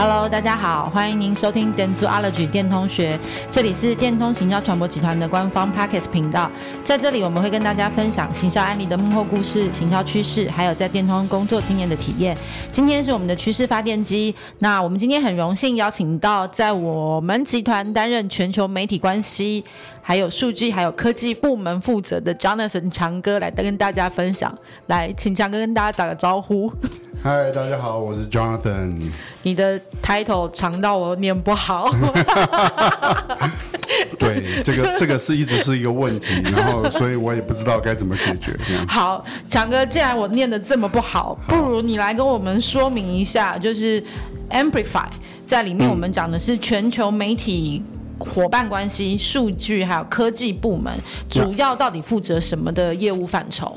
Hello，大家好，歡迎您收聽《Dentsulogy 電通學》，這裡是電通行銷傳播集團的官方 Podcast 頻道。在這裡，我們會跟大家分享行銷案例的幕後故事、行銷趨勢，還有在電通工作經驗的體驗。今天是我們的趨勢發電機。那我們今天很榮幸邀請到在我們集團擔任全球媒體關係、還有數據、還有科技部門負責的 Jonathan 強哥來跟大家分享。來，請強哥跟大家打個招呼。嗨，大家好，我是 Jonathan。你的 title 長到我念不好。 對，這個這個是一直是一個問題， 然後所以我也不知道該怎麼解決。嗯、好，強哥，既然我念得這麼不好，好，不如你來跟我們說明一下，就是 Amplify 在裡面我們講的是全球媒體、嗯、夥伴關係、數據還有科技部門，主要到底負責什麼的業務範疇？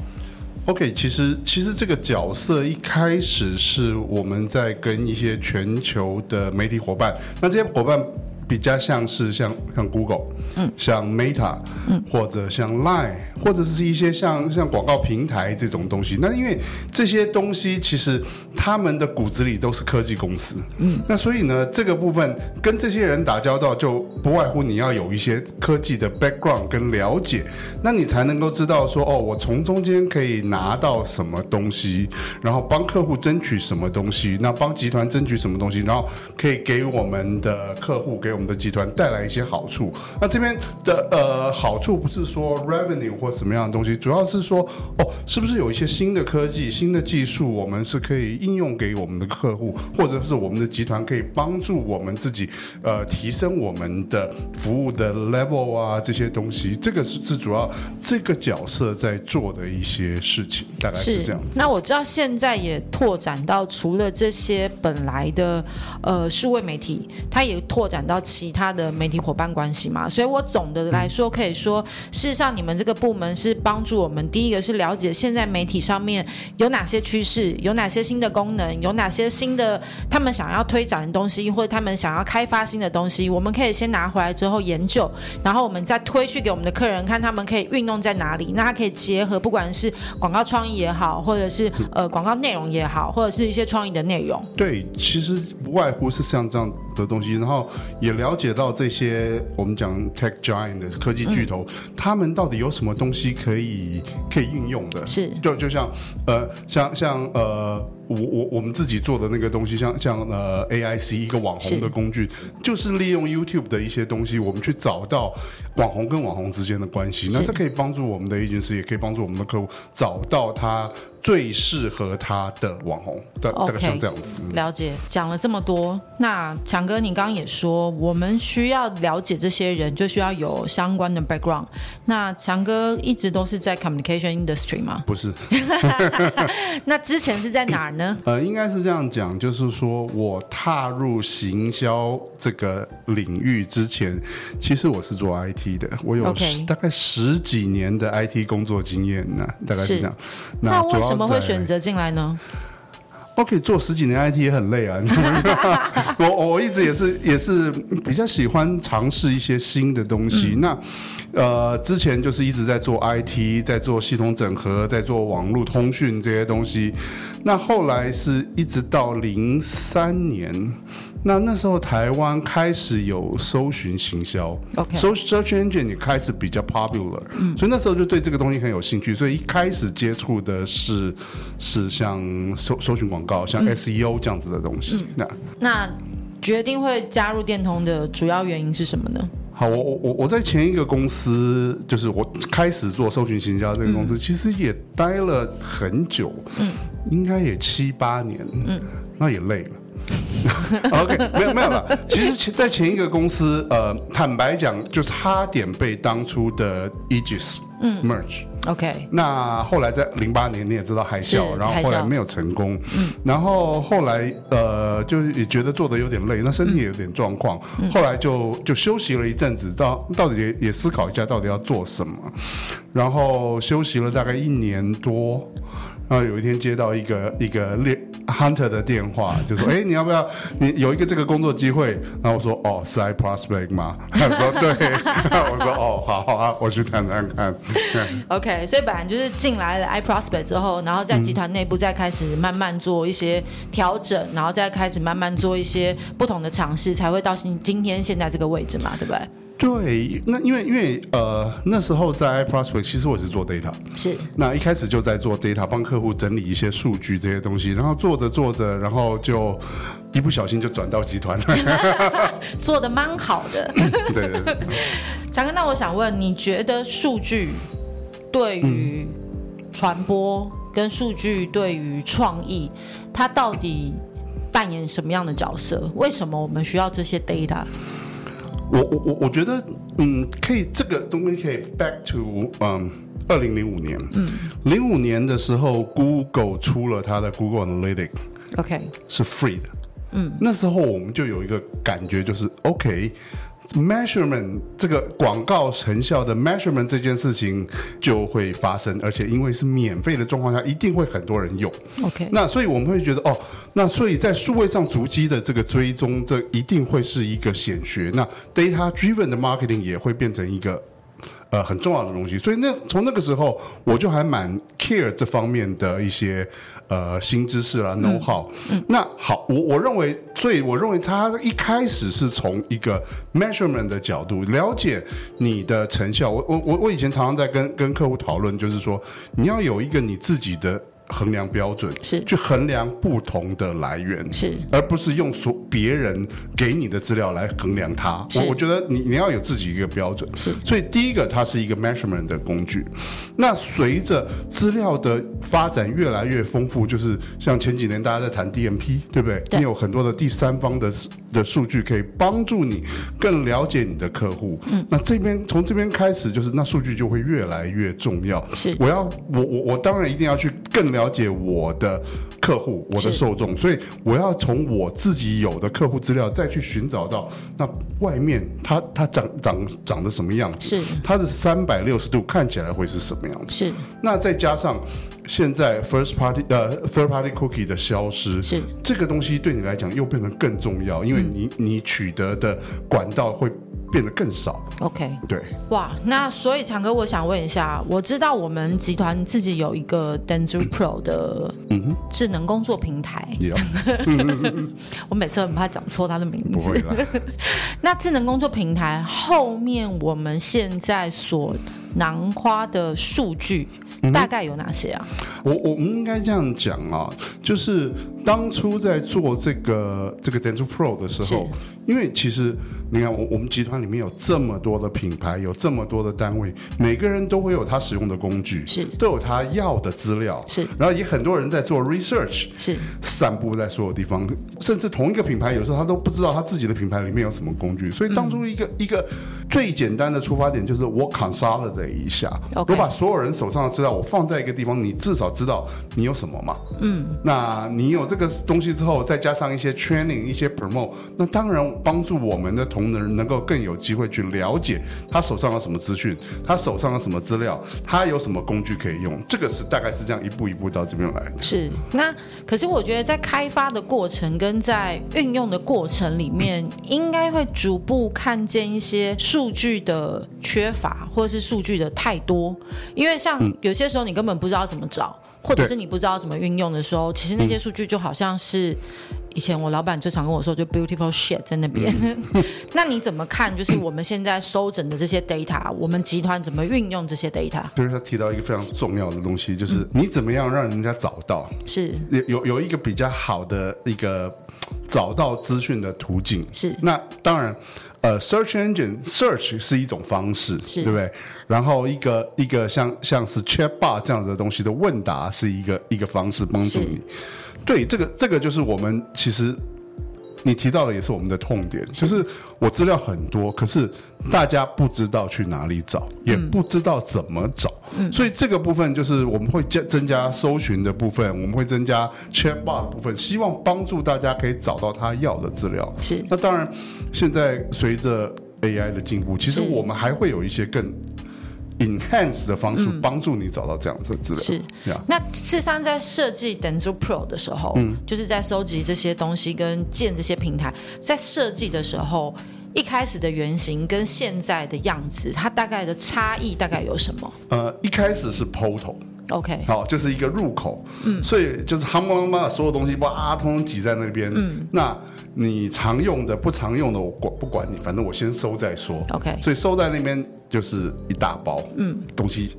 OK，其實其實這個角色一開始是我們在跟一些全球的媒體夥伴，那這些夥伴比較像是像像 Google。嗯，像 Meta，嗯，或者像 Line，或者是一些像像廣告平台這種東西。那因為這些東西其實他們的骨子裡都是科技公司，嗯，那所以呢，這個部分跟這些人打交道就不外乎你要有一些科技的 background 跟了解，那你才能夠知道說哦，我從中間可以拿到什麼東西，然後幫客戶爭取什麼東西，那幫集團爭取什麼東西，然後可以給我們的客戶給我們的集團帶來一些好處。那這。這邊的呃好處不是說 revenue 或什麼樣的東西，主要是說哦，是不是有一些新的科技、新的技術，我們是可以應用給我們的客戶，或者是我們的集團，可以幫助我們自己呃提升我們的服務的 level 啊，這些東西，這個是是主要這個角色在做的一些事情，大概是這樣子。那我知道現在也拓展到除了這些本來的呃數位媒體，它也拓展到其他的媒體夥伴關係嘛，所以。我總的來說可以說，事實上，你們這個部門是幫助我們。第一個是了解現在媒體上面有哪些趨勢，有哪些新的功能，有哪些新的他們想要推展的東西，或者他們想要開發新的東西，我們可以先拿回來之後研究，然後我們再推去給我們的客人，看他們可以運用在哪裡。那他可以結合，不管是廣告創意也好，或者是呃廣告內容也好，或者是一些創意的內容。對，其實不外乎是像這樣的。的東西，然後也了解到這些我們講 tech giant 的科技巨頭，他、嗯、們到底有什麼東西可以可以運用的？是就就像呃，像像呃。我我我們自己做的那個東西，像像呃 AIC 一個網紅的工具，就是利用 YouTube 的一些東西，我們去找到網紅跟網紅之間的關係。那這可以幫助我們的 Agency，也可以幫助我們的客戶找到他最適合他的網紅。大，okay, 大概像這樣子。了解，講了這麼多，那強哥，你剛剛也說，我們需要了解這些人，就需要有相關的 background。那強哥一直都是在 communication industry 嗎？不是， 那之前是在哪呢？ 呃，應該是這樣講，就是說我踏入行銷這個領域之前，其實我是做 IT 的，我有、Okay. 大概十幾年的 IT 工作經驗呢，大概是這樣。那，那為什麼會選擇進來呢？OK，做十幾年 IT 也很累啊！ 我我一直也是也是比較喜歡嘗試一些新的東西。嗯、那呃，之前就是一直在做 IT，在做系統整合，在做網絡通訊這些東西。那後來是一直到零三年。那那時候台灣開始有搜尋行銷，Okay，Search Engine 也開始比較 popular，嗯，所以那時候就對這個東西很有興趣，所以一開始接觸的是是像搜搜尋廣告，像 SEO 這樣子的東西。嗯，那那決定會加入電通的主要原因是什麼呢？好，我我我我在前一個公司，就是我開始做搜尋行銷這個公司，嗯，其實也待了很久，嗯，應該也七八年，嗯，那也累了。 OK，沒有沒有了。 其實前在前一個公司， 呃，坦白講，就差點被當初的 Aegis merge，嗯。OK，那後來在零八年你也知道海嘯，然後後來沒有成功。然後後來呃，就是也覺得做的有點累，那身體有點狀況，嗯，後來就就休息了一陣子，到到底也也思考一下到底要做什麼。然後休息了大概一年多。然後有一天接到一個一個獵 hunter 的電話，就說：“哎，你要不要？你有一個這個工作機會？”然後我說：“哦，是 iProspect 嗎？”他 說：“對。 ”我說：“哦，好，好啊，我去談談看。 ”OK，所以本來就是進來了 iProspect 之後，然後在集團內部再開始慢慢做一些調整，嗯、然後再開始慢慢做一些不同的嘗試，才會到今今天現在這個位置嘛，對不對？對，那因為因為呃，那時候在 Prospect，其實我也是做 data，是。那一開始就在做 data，幫客戶整理一些數據這些東西，然後做着做着，然後就一不小心就轉到集團了。 做得蠻好的。 對,對,對。張哥，那我想問，你覺得數據對於傳播跟數據對於創意，嗯、它到底扮演什麼樣的角色？為什麼我們需要這些 data？我我我我覺得，嗯，可以，這個東西可以，back to，嗯，二零零五年，嗯，零五年的時候，Google 出了它的 Google Analytics，OK，okay，是 free 的，嗯，那時候我們就有一個感覺，就是 OK。measurement 這個廣告成效的 measurement 這件事情就會發生，而且因為是免費的狀況下，一定會很多人用。OK，那所以我們會覺得哦，那所以在數位上足跡的這個追蹤，這一定會是一個顯學。那 data driven 的 marketing 也會變成一個呃很重要的東西。所以那從那個時候，我就還蠻 care 這方面的一些。呃，新知識啦、啊嗯、know how。嗯、那好，我我認為最，我認為他一開始是從一個 measurement 的角度了解你的成效。我我我以前常常在跟跟客戶討論，就是說你要有一個你自己的。衡量標準是去衡量不同的來源是，而不是用所別人給你的資料來衡量它。我我覺得你你要有自己一個標準是。所以第一個它是一個 measurement 的工具。那隨着資料的發展越來越豐富，就是像前幾年大家在談 DMP，對不對？對。你有很多的第三方的的數據可以幫助你更了解你的客戶。嗯。那這邊從這邊開始，就是那數據就會越來越重要。是，我要我我我當然一定要去更了。了解我的客戶，我的受眾，所以我要從我自己有的客戶資料，再去尋找到那外面它它長長長得什麼樣子，是它的三百六十度看起來會是什麼樣子，是那再加上現在 first party 呃 third party cookie 的消失，是這個東西對你來講又變成更重要，因為你、嗯、你取得的管道會變得更少，OK，對，哇，那所以強哥，我想問一下，我知道我們集團自己有一個 Dentsu Pro 的智能工作平台，嗯、 我每次很怕講錯他的名字。不會啦 那智能工作平台後面我們現在所囊括的數據、嗯、大概有哪些啊？我我們應該這樣講啊，就是。當初在做這個這個 Dentro Pro 的時候，因為其實你看，我我們集團裡面有這麼多的品牌，有這麼多的單位，嗯、每個人都會有他使用的工具，是都有他要的資料，是。然後也很多人在做 research，是散布在所有地方，甚至同一個品牌有時候他都不知道他自己的品牌裡面有什麼工具。所以當初一個、嗯、一個最簡單的出發點就是我 consolidate 了一下、okay，我把所有人手上的資料我放在一個地方，你至少知道你有什麼嘛？嗯，那你有。這個東西之後，再加上一些 training、一些 promote，那當然幫助我們的同仁能，能夠更有機會去了解他手上的什麼資訊，他手上的什麼資料，他有什麼工具可以用。這個是大概是這樣一步一步到這邊來的。的是，那可是我覺得在開發的過程跟在運用的過程裡面，嗯，應該會逐步看見一些數據的缺乏，或者是數據的太多，因為像有些時候你根本不知道怎麼找。嗯或者是你不知道怎麼運用的時候，其實那些數據就好像是以前我老板最常跟我說就 beautiful shit 在那邊。嗯、 那你怎麼看？就是我們現在收整的這些 data，、嗯、我們集團怎麼運用這些 data？就是他提到一個非常重要的東西，就是你怎麼樣讓人家找到，是、嗯、有有有一個比較好的一個找到資訊的途徑。是那當然。呃、uh，search engine search 是一種方式，對不對？然後一個一個像像是 chatbot 這樣的東西的問答是一個一個方式幫助你。對，這個這個就是我們其實。你提到的也是我們的痛點，就是我資料很多，可是大家不知道去哪裡找，也不知道怎麼找，嗯，所以這個部分就是我們會加增加搜尋的部分，我們會增加 Chatbot 的部分，希望幫助大家可以找到他要的資料。是那當然，現在隨着 AI 的進步，其實我們還會有一些更。Enhance 的方式、嗯、幫助你找到這樣子資料。是、yeah，那事實上在設計 Dentsu Pro 的時候，嗯、就是在收集這些東西跟建這些平台。在設計的時候，一開始的原型跟現在的樣子，它大概的差異大概有什麼、嗯？呃，一開始是 Portal，OK、okay、好，就是一個入口。嗯，所以就是他們的所有東西不啊通通擠在那邊。嗯，那。你常用的、不常用的，我不管不管你，反正我先收再說。OK，所以收在那邊就是一大包，嗯，東西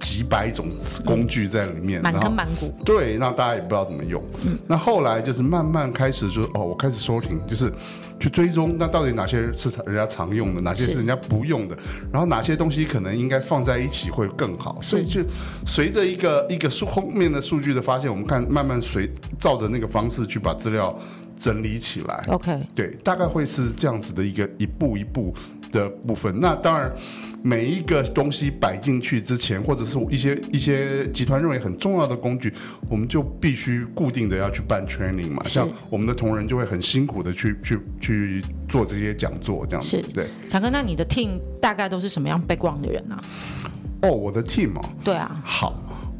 幾百種工具在裡面，嗯、滿坑滿谷。對，那大家也不知道怎麼用。嗯、那後來就是慢慢開始就，就是哦，我開始收聽，就是去追蹤，那到底哪些是人家常用的，哪些是人家不用的，然後哪些東西可能應該放在一起會更好。所以就隨着一個一個數後面的數據的發現，我們看慢慢隨照着那個方式去把資料。整理起來，OK，對，大概會是這樣子的一個一步一步的部分。那當然，每一個東西擺進去之前，或者是一些一些集團認為很重要的工具，我們就必須固定的要去辦 training 嘛。像我們的同仁就會很辛苦的去去去做這些講座，這樣子是。對，強哥，那你的 team 大概都是什麼樣 background 的人呢？啊？哦，Oh，我的 team 哦。對啊，好。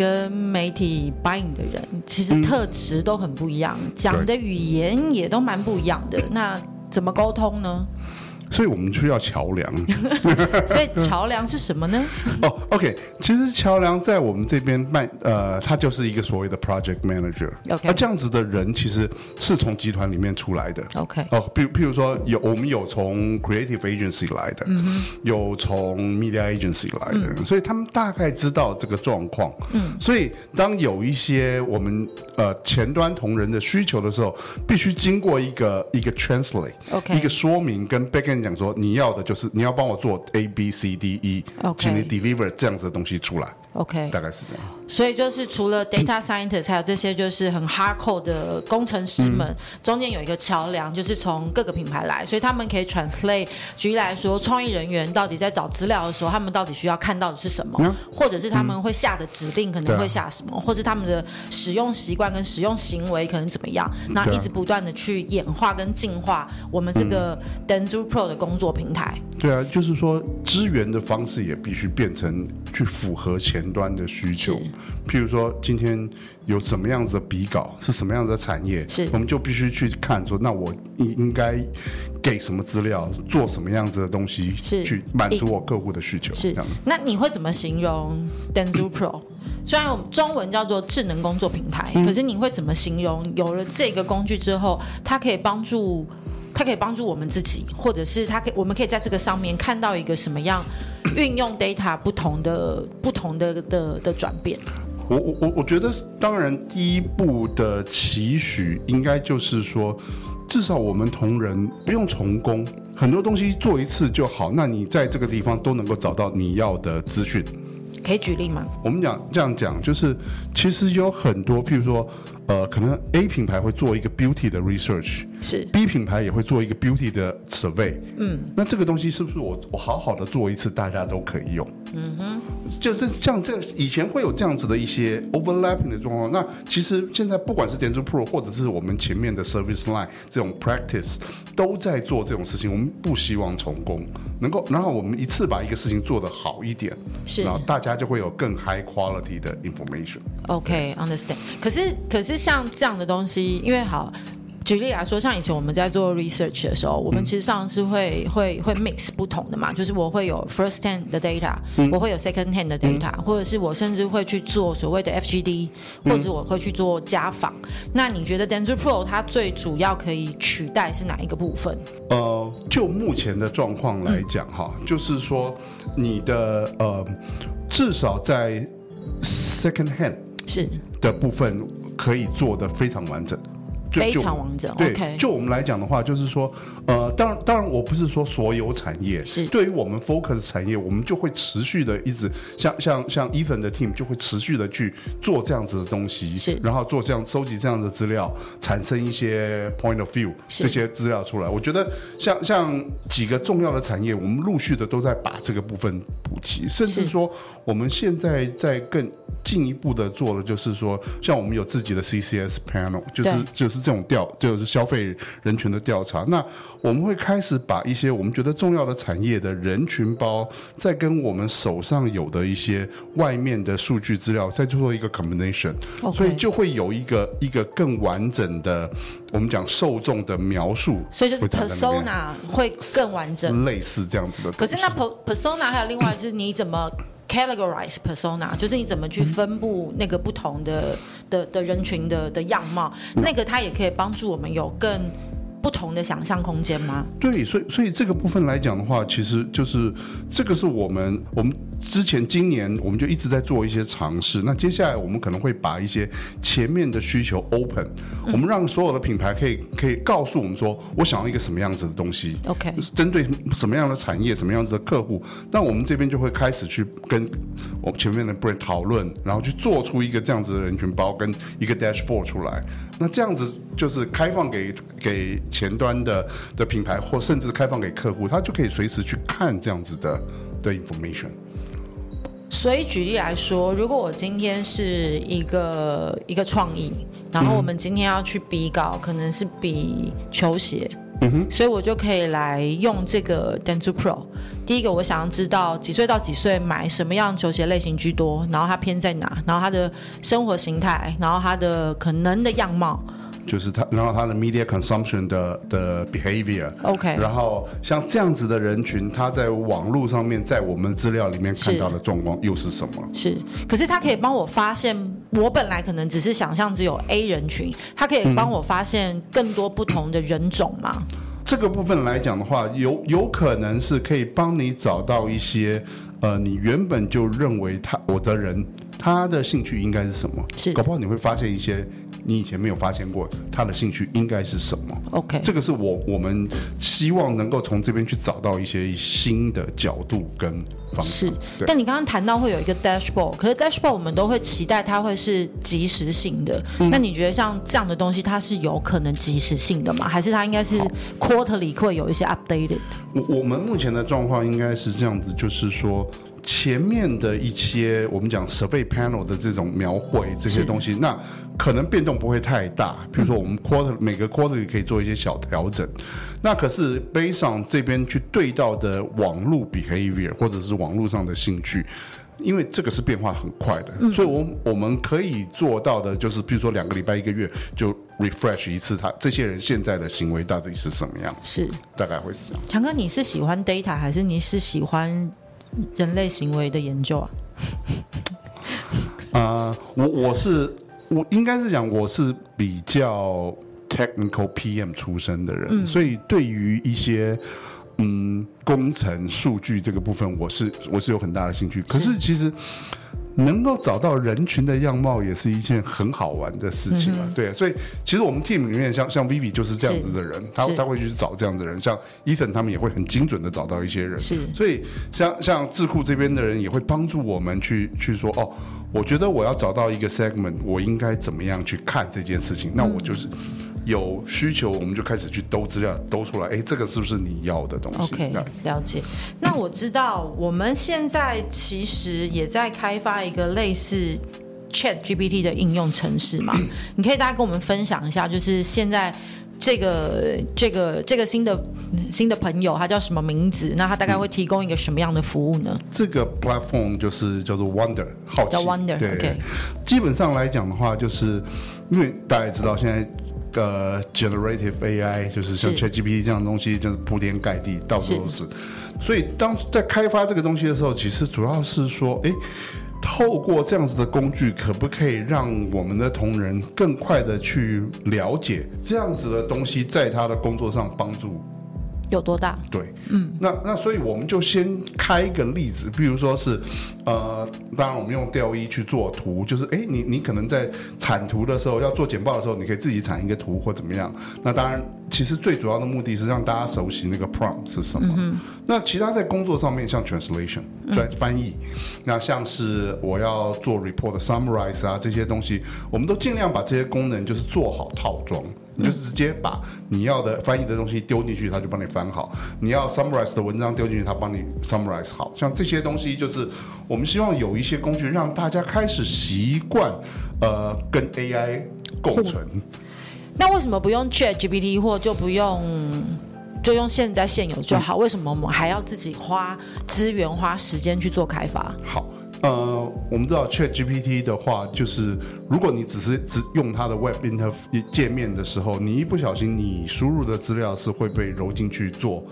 跟媒體 buying 的人，其實特質都很不一樣，嗯、講的語言也都蠻不一樣的，那怎麼溝通呢？所以我們需要橋梁 。所以橋梁是什麼呢？哦、 oh,，OK，其實橋梁在我們這邊賣，呃，它就是一個所謂的 project manager。OK，那這樣子的人其實是從集團裡面出來的。OK，哦，比，譬如說有我們有從 creative agency 來的，嗯、有從 media agency 來的、嗯，所以他們大概知道這個狀況。嗯，所以當有一些我們呃前端同仁的需求的時候，必須經過一個一個 translate，OK，、okay. 一個說明跟 backend 講說，你要的就是你要幫我做 A B C D E，Okay. 請你 deliver 這樣子的東西出來。OK，大概是這樣。所以就是除了 data scientist，還有這些就是很 hardcore 的工程師們，嗯、中間有一個橋樑，就是從各個品牌來，所以他們可以 translate。舉例來說，創意人員到底在找資料的時候，他們到底需要看到的是什麼，嗯、或者是他們會下的指令、嗯、可能會下什麼，嗯、或是他們的使用習慣跟使用行為可能怎麼樣，那、嗯、一直不斷的去演化跟進化我們這個 Dentsu Pro 的工作平台。對啊，就是說資源的方式也必須變成去符合前端的需求。譬如說，今天有什麼樣子的比稿，是什麼樣子的產業，是我們就必須去看說，說那我應應該給什麼資料，做什麼樣子的東西，是去滿足我客戶的需求，嗯、是那你會怎麼形容 Dentsu Pro？ 雖然中文叫做智能工作平台，嗯、可是你會怎麼形容？有了這個工具之後，它可以幫助。他可以幫助我們自己，或者是他可以，我們可以在這個上面看到一個什麼樣運用 data 不同的、 不同的不同的的的轉變。我我我，我覺得，當然，第一步的期許應該就是說，至少我們同仁不用重工很多東西做一次就好。那你在這個地方都能夠找到你要的資訊。可以舉例嗎？我們講這樣講，就是其實有很多，譬如說。呃，可能 A 品牌會做一個 beauty 的 research，是 B 品牌也會做一個 beauty 的 survey，嗯，那這個東西是不是我我好好的做一次，大家都可以用，嗯哼，就是像這以前會有這樣子的一些 overlapping 的狀況，那其實現在不管是電子 Pro 或者是我們前面的 service line 這種 practice 都在做這種事情，我們不希望成功，能夠然後我們一次把一個事情做得好一點，是，然後大家就會有更 high quality 的 information，OK、okay, yeah. understand，可是可是，像這樣的東西，因為好，舉例來說，像以前我們在做 research 的時候，我們其實上是會、嗯、會會 mix 不同的嘛，就是我會有 first hand 的 data，、嗯、我會有 second hand 的 data，、嗯、或者是我甚至會去做所謂的 FGD，、嗯、或者我會去做家訪。那你覺得 Dendro Pro 它最主要可以取代是哪一個部分？呃，就目前的狀況來講，嗯、哈，就是說你的呃，至少在 second hand 是的部分，可以做得非常完整。非常王者對、okay，就我們來講的話，就是說，呃，當然，當然，我不是說所有產業是，對於我們 focus 產業，我們就會持續的一直，像像像 Evan 的 team 就會持續的去做這樣子的東西，是，然後做這樣收集這樣的資料，產生一些 point of view 這些資料出來。我覺得像像幾個重要的產業，我們陸續的都在把這個部分補齊，甚至說我們現在在更進一步的做的就是說，像我們有自己的 CCS panel，就是就是。這種調就是消費人群的調查，那我們會開始把一些我們覺得重要的產業的人群包，再跟我們手上有的一些外面的數據資料，再做一個 combination，、okay、所以就會有一個一個更完整的我們講受眾的描述，所以就是 persona 會更完整，類似這樣子的。可是那 persona 還有另外就是你怎麼、嗯？Categorize persona，就是你怎麼去分布那個不同的、嗯、的的、的人群的的樣貌，嗯，那個它也可以幫助我們有更不同的想象空間嗎？對，所以所以這個部分來講的話，其實就是這個是我們我們。之前今年我們就一直在做一些嘗試。那接下來我們可能會把一些前面的需求 open，嗯，我們讓所有的品牌可以可以告訴我們說我想要一個什麼樣子的東西。OK，就是針對什麼樣的產業、什麼樣子的客戶，那我們這邊就會開始去跟我們前面的 brand 討論，然後去做出一個這樣子的人群包跟一個 dashboard 出來。那這樣子就是開放給給前端的的品牌，或甚至開放給客戶，他就可以隨時去看這樣子的的 information。所以舉例來說，如果我今天是一個一個創意，然後我們今天要去比稿，可能是比球鞋，嗯哼，所以我就可以來用這個 Dentsu Pro。第一個，我想要知道幾歲到幾歲買什麼樣球鞋類型居多，然後它偏在哪，然後它的生活形態，然後它的可能的樣貌。就是他，然後他的 media consumption 的的 behavior，OK，、okay. 然後像這樣子的人群，他在網絡上面，在我們資料裡面看到的狀況又是什麼？是，可是他可以幫我發現，我本來可能只是想象只有 A 人群，他可以幫我發現更多不同的人種嗎、嗯？這個部分來講的話，有有可能是可以幫你找到一些，呃，你原本就認為他我的人，他的興趣應該是什麼？是，搞不好你會發現一些。你以前沒有發現過他的興趣應該是什麼？OK，這個是我我們希望能夠從這邊去找到一些新的角度跟方式。但你剛剛談到會有一個 dashboard，可是 dashboard 我們都會期待它會是即時性的。嗯。那你覺得像這樣的東西它是有可能即時性的嗎？還是它應該是 quarterly 會有一些 updated？我我們目前的狀況應該是這樣子，就是說前面的一些我們講 survey panel 的這種描繪這些東西，那。可能變動不會太大，比如說我們 quarter、嗯、每個 quarter 可以做一些小調整。那可是 based on 這邊去對到的網絡 behavior 或者是網絡上的興趣，因為這個是變化很快的，嗯、所以我我們可以做到的就是，比如說兩個禮拜一個月就 refresh 一次他，他這些人現在的行為到底是什麼樣，是大概會是這樣？強哥，你是喜歡 data 還是你是喜歡人類行為的研究啊？啊、 呃，我我是。我應該是講，我是比較 technical PM 出身的人，嗯、所以對於一些嗯工程數據這個部分，我是我是有很大的興趣，是，可是其實。能夠找到人群的樣貌也是一件很好玩的事情啊，嗯、對啊，所以其實我們 team 裡面像像 Vivi 就是這樣子的人，他他會去找這樣子的人，像 Ethan 他們也會很精準的找到一些人，是，所以像像智庫這邊的人也會幫助我們去去說，哦，我覺得我要找到一個 segment，我應該怎麼樣去看這件事情，那我就是。嗯有需求，我們就開始去兜資料，兜出來，哎，這個是不是你要的東西？OK，了解。那我知道我們現在其實也在開發一個類似 Chat GPT 的應用程式嘛？ 你可以大概跟我們分享一下，就是現在這個這個這個新的新的朋友，他叫什麼名字？那他大概會提供一個什麼樣的服務呢？嗯、這個 platform 就是叫做 Wonder，好奇。這個、wonder, 對，okay. 基本上來講的話，就是因為大家知道現在。呃，generative AI 就是像 ChatGPT 這樣的東西，是就是鋪天蓋地，到處都是，是。所以當在開發這個東西的時候，其實主要是說，誒，透過這樣子的工具，可不可以讓我們的同仁更快的去了解這樣子的東西，在他的工作上幫助有多大？對，嗯，那那所以我們就先開一個例子，比如說是。呃，當然，我們用 DALL-E 去做圖，就是哎，你你可能在產圖的時候要做簡報的時候，你可以自己產一個圖或怎麼樣。那當然，其實最主要的目的是讓大家熟悉那個 prompt 是什麼。嗯、那其他在工作上面，像 translation、翻翻譯、嗯，那像是我要做 report summarize、啊、summarize 啊這些東西，我們都盡量把這些功能就是做好套裝，嗯、你就是直接把你要的翻譯的東西丟進去，它就幫你翻好；你要 summarize 的文章丟進去，它幫你 summarize 好。像這些東西就是。我們希望有一些工具讓大家開始習慣，呃，跟 AI 共存。那為什麼不用 ChatGPT 或就不用就用現在現有就好？ 為什麼我們還要自己花資源、花時間去做開發？好，呃，我們知道 ChatGPT 的話，就是如果你只是只用它的 Web Interface 界面，的時候，你一不小心你輸入的資料是會被揉進去做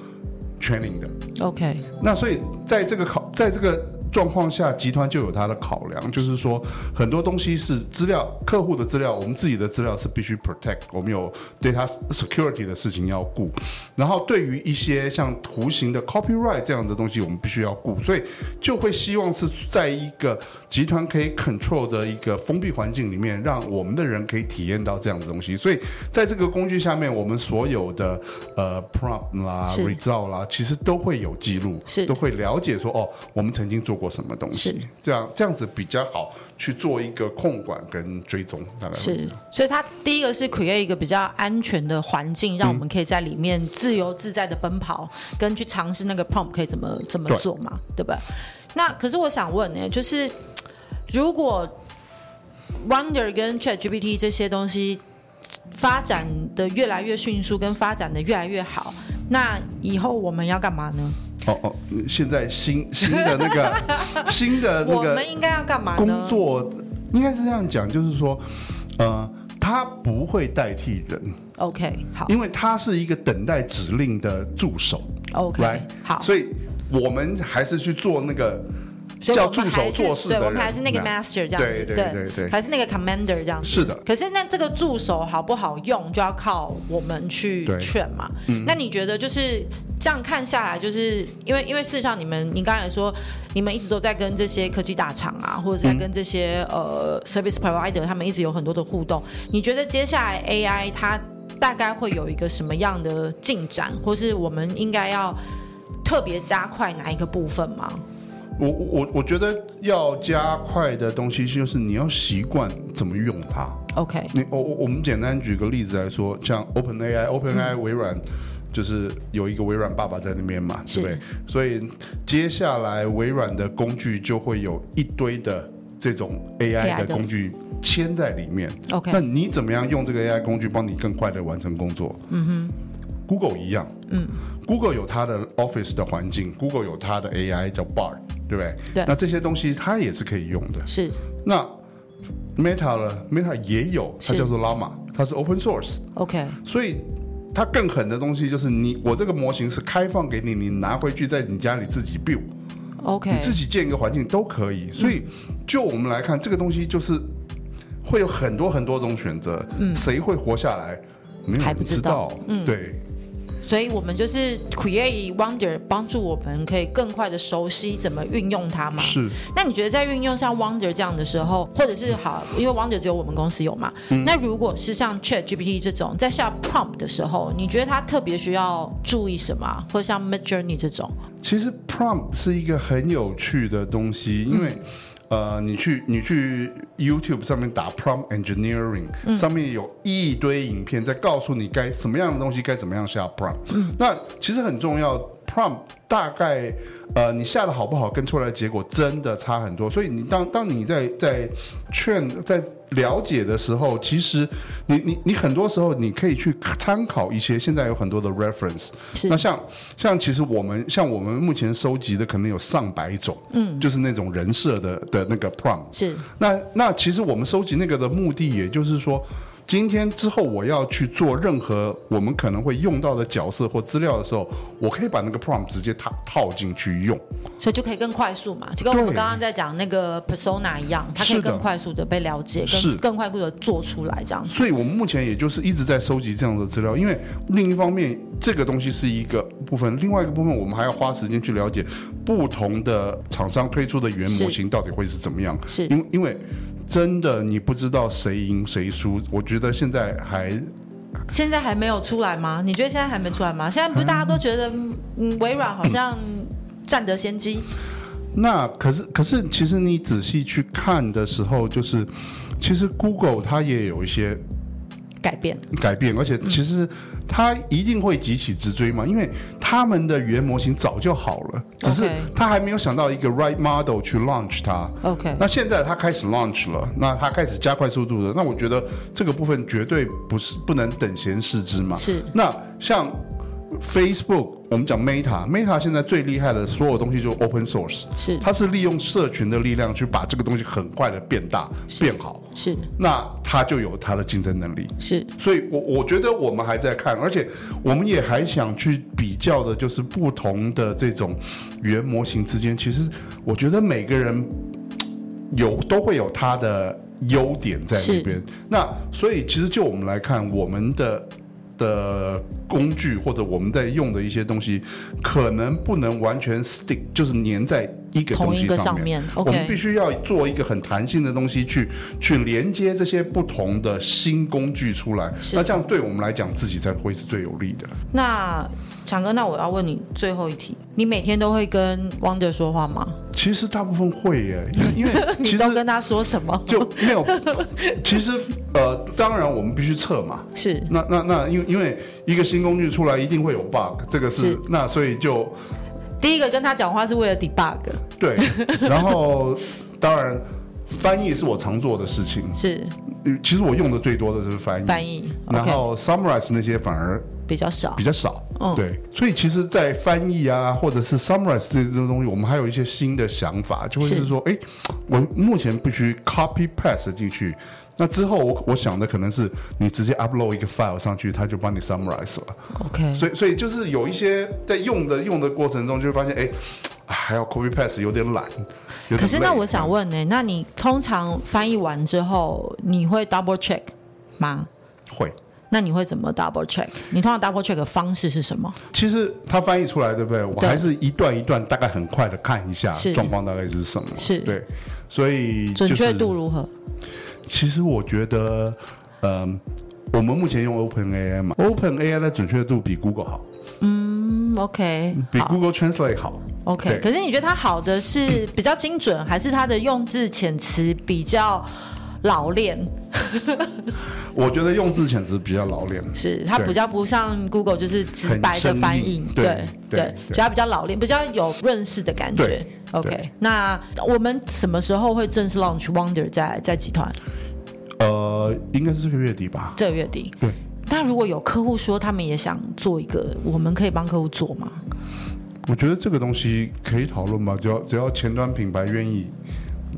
training 的。OK，那所以在這個考在這個狀況下，集團就有他的考量，就是說很多東西是資料客戶的資料，我們自己的資料是必須 protect，我們有 data security 的事情要顧。然後對於一些像圖形的 copyright 這樣的東西，我們必須要顧，所以就會希望是在一個集團可以 control 的一個封閉環境裡面，讓我們的人可以體驗到這樣的東西。所以在這個工具下面，我們所有的呃 prompt 啦，result 啦，其實都會有記錄，是都會了解說哦，我們曾經做過。過什麼東西，是這樣這樣子比較好去做一個控管跟追蹤，大概是,是所以它第一個是 create 一個比較安全的環境，讓我們可以在裡面自由自在的奔跑，嗯、跟去嘗試那個 prompt 可以怎麼怎麼做嘛對，對吧？那可是我想問呢、欸，就是如果 wonder 跟 ChatGPT 這些東西發展的越來越迅速，跟發展的越來越好，那以後我們要干嘛呢？哦哦，現在新新的那個新的那個， 那個 我們應該要幹嘛呢？工作應該是這樣講，就是說，呃，他不會代替人，OK，好，因為他是一個等待指令的助手，OK，來、right? 好，所以我們還是去做那個。所以我們還是叫助手做事的，對，我們還是那個 master 這樣子，這樣，對，對對對，還是那個 commander 這樣子。是的。可是那這個助手好不好用，就要靠我們去勸嘛。嗯。那你覺得就是這樣看下來，就是因為因為事實上，你們你剛才說，你們一直都在跟這些科技大廠啊，或者在跟這些、嗯、呃 service provider 他們一直有很多的互動。你覺得接下來 AI 它大概會有一個什麼樣的進展，或是我們應該要特別加快哪一個部分嗎？我我我我覺得要加快的東西就是你要習慣怎麼用它。OK，你我我我們簡單舉個例子來說，像 OpenAI，OpenAI OpenAI 微軟、嗯、就是有一個微軟爸爸在那邊嘛是，對不對？所以接下來微軟的工具就會有一堆的這種 AI 的工具嵌在裡面。OK，那你怎麼樣用這個 AI 工具幫你更快的完成工作？嗯哼，Google 一樣。嗯，Google 有它的 Office 的環境，Google 有它的 AI 叫 Bard。對不對？對，那這些東西它也是可以用的。是。那 Meta 呢？Meta 也有，它叫做 Llama，它是 Open Source。OK。所以它更狠的東西就是你，你我這個模型是開放給你，你拿回去在你家裡自己 build。OK。你自己建一個環境都可以。所以就我們來看，嗯、這個東西就是會有很多很多種選擇。嗯。誰會活下來？沒有，還不知道，你知道。嗯。對。所以我們就是 create wonder，幫助我們可以更快的熟悉怎麼運用它嘛。是。那你覺得在運用像 wonder 這樣的時候，或者是好，因為 wonder 只有我們公司有嘛、嗯。那如果是像 ChatGPT 這種，在下 prompt 的時候，你覺得它特別需要注意什麼？或者像 Midjourney 這種？其實 prompt 是一個很有趣的東西，嗯、因為。呃，你去你去 YouTube 上面打 prompt engineering，嗯，上面有一堆影片在告訴你該什麼樣的東西該怎麼樣下 prompt，嗯。那其實很重要。大概，呃，你下得好不好，跟出來的結果真的差很多。所以你當當你在在勸在了解的時候，其實你你你很多時候你可以去參考一些，現在有很多的 reference。那像像其實我們像我們目前收集的可能有上百種，嗯，就是那種人設的的那個 prompt。是。那那其實我們收集那個的目的，也就是說。今天之後，我要去做任何我們可能會用到的角色或資料的時候，我可以把那個 prompt 直接套套進去用，所以就可以更快速嘛，就跟我們剛剛在講那個 persona 一樣，它可以更快速的被了解，是更是更快速的做出來這樣子。所以我們目前也就是一直在收集這樣的資料，因為另一方面，這個東西是一個部分，另外一個部分我們還要花時間去了解不同的廠商推出的原模型到底會是怎麼樣，是，是因因為。真的，你不知道誰贏誰輸。我覺得現在還，現在還沒有出來嗎？你覺得現在還沒出來嗎？現在不是大家都覺得、嗯嗯、微軟好像占得先機？嗯、那可是可是，其實你仔細去看的時候，就是其實 Google 它也有一些。改變，改變，而且其實他一定會急起直追嘛，因為他們的語言模型早就好了，只是他還沒有想到一個 right model 去 launch 它。OK，那現在他開始 launch 了，那他開始加快速度了，那我覺得這個部分絕對不是不能等閒視之嘛。是，那像。Facebook，我們講 Meta，Meta Meta 現在最厲害的所有東西就是 Open Source，是，它是利用社群的力量去把這個東西很快的變大變好，是，那它就有它的競爭能力，是，所以我我覺得我們還在看，而且我們也還想去比較的，就是不同的這種語言模型之間，其實我覺得每個人有都會有它的優點在那邊，那所以其實就我們來看我們的。的工具或者我們在用的一些東西，可能不能完全 stick，就是粘在一個東西上面。同一個上面 okay、我們必須要做一個很彈性的東西去，去去連接這些不同的新工具出來。那這樣對我們來講，自己才會是最有利的。那。強哥，那我要問你最後一題：你每天都會跟 Wonder 說話嗎？其實大部分會耶，因為因為其實你都跟他說什麼？就沒有。其實呃，當然我們必須測嘛。是。那那那，因為因為一個新工具出來一定會有 bug，這個是，是那所以就第一個跟他講話是為了 debug。對。然後當然。翻譯是我常做的事情、嗯，是，其實我用的最多的就是翻譯、嗯，翻譯，然後、okay. summarize 那些反而比較少，比較少，嗯、對，所以其實，在翻譯啊，或者是 summarize 這種東西，我們還有一些新的想法，就會就是說，哎，我目前必須 copy paste 進去，那之後我我想的可能是你直接 upload 一個 file 上去，他就幫你 summarize 了，OK，所以所以就是有一些在用的、嗯、用的過程中，就會發現，哎。還有 copy paste 有點懶，可是那我想問呢、欸嗯，那你通常翻譯完之後，你會 double check 嗎？會。那你會怎麼 double check？你通常 double check 的方式是什麼？其實它翻譯出來對不對，對？我還是一段一段，大概很快的看一下，狀況大概是什麼？是。對。所以、就是、準確度如何？其實我覺得，嗯、呃，我們目前用 Open AI 嘛，Open AI 的準確度比 Google 好。嗯，OK。比 Google 好 Translate 好。OK，可是你覺得它好的是比較精準，嗯、還是它的用字遣詞比較老練？ 我覺得用字遣詞比較老練，是它比較不像 Google 就是直白的翻譯。對對,對,對,對，所以它比較老練，比較有認識的感覺。OK，那我們什麼時候會正式 launch Wonder 在在集團？呃，應該是這個月底吧。這個月底。對。那如果有客戶說他們也想做一個，我們可以幫客戶做嗎？我覺得這個東西可以討論嘛，只要只要前端品牌願意，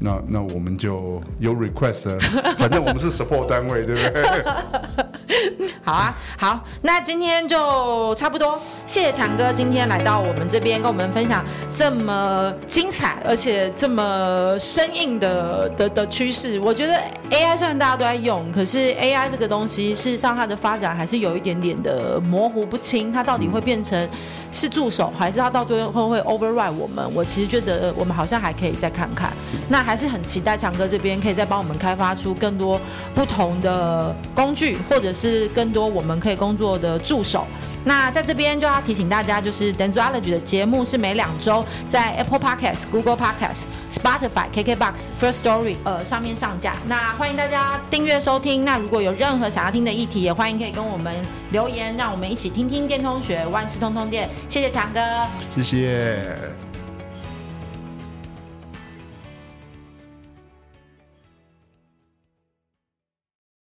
那那我們就有 request，反正我們是 support 單位，對不對？ 好啊，好，那今天就差不多，謝謝強哥今天來到我們這邊跟我們分享這麼精彩而且這麼生硬的的的趨勢。我覺得 AI 雖然大家都在用，可是 AI 這個東西事實上它的發展還是有一點點的模糊不清，它到底會變成是助手，還是他到最後會不會 override 我們？我其實覺得我們好像還可以再看看，那還是很期待強哥這邊可以再幫我們開發出更多不同的工具，或者是更多我們可以工作的助手。那在這邊就要提醒大家，就是 Denzology 的節目是每兩周在 Apple Podcast、Google Podcast、Spotify、KKBox、First Story 呃、上面上架。那歡迎大家訂閱收聽。那如果有任何想要聽的議題，也歡迎可以跟我們留言，讓我們一起聽聽電通學萬事通通電。謝謝強哥，謝謝。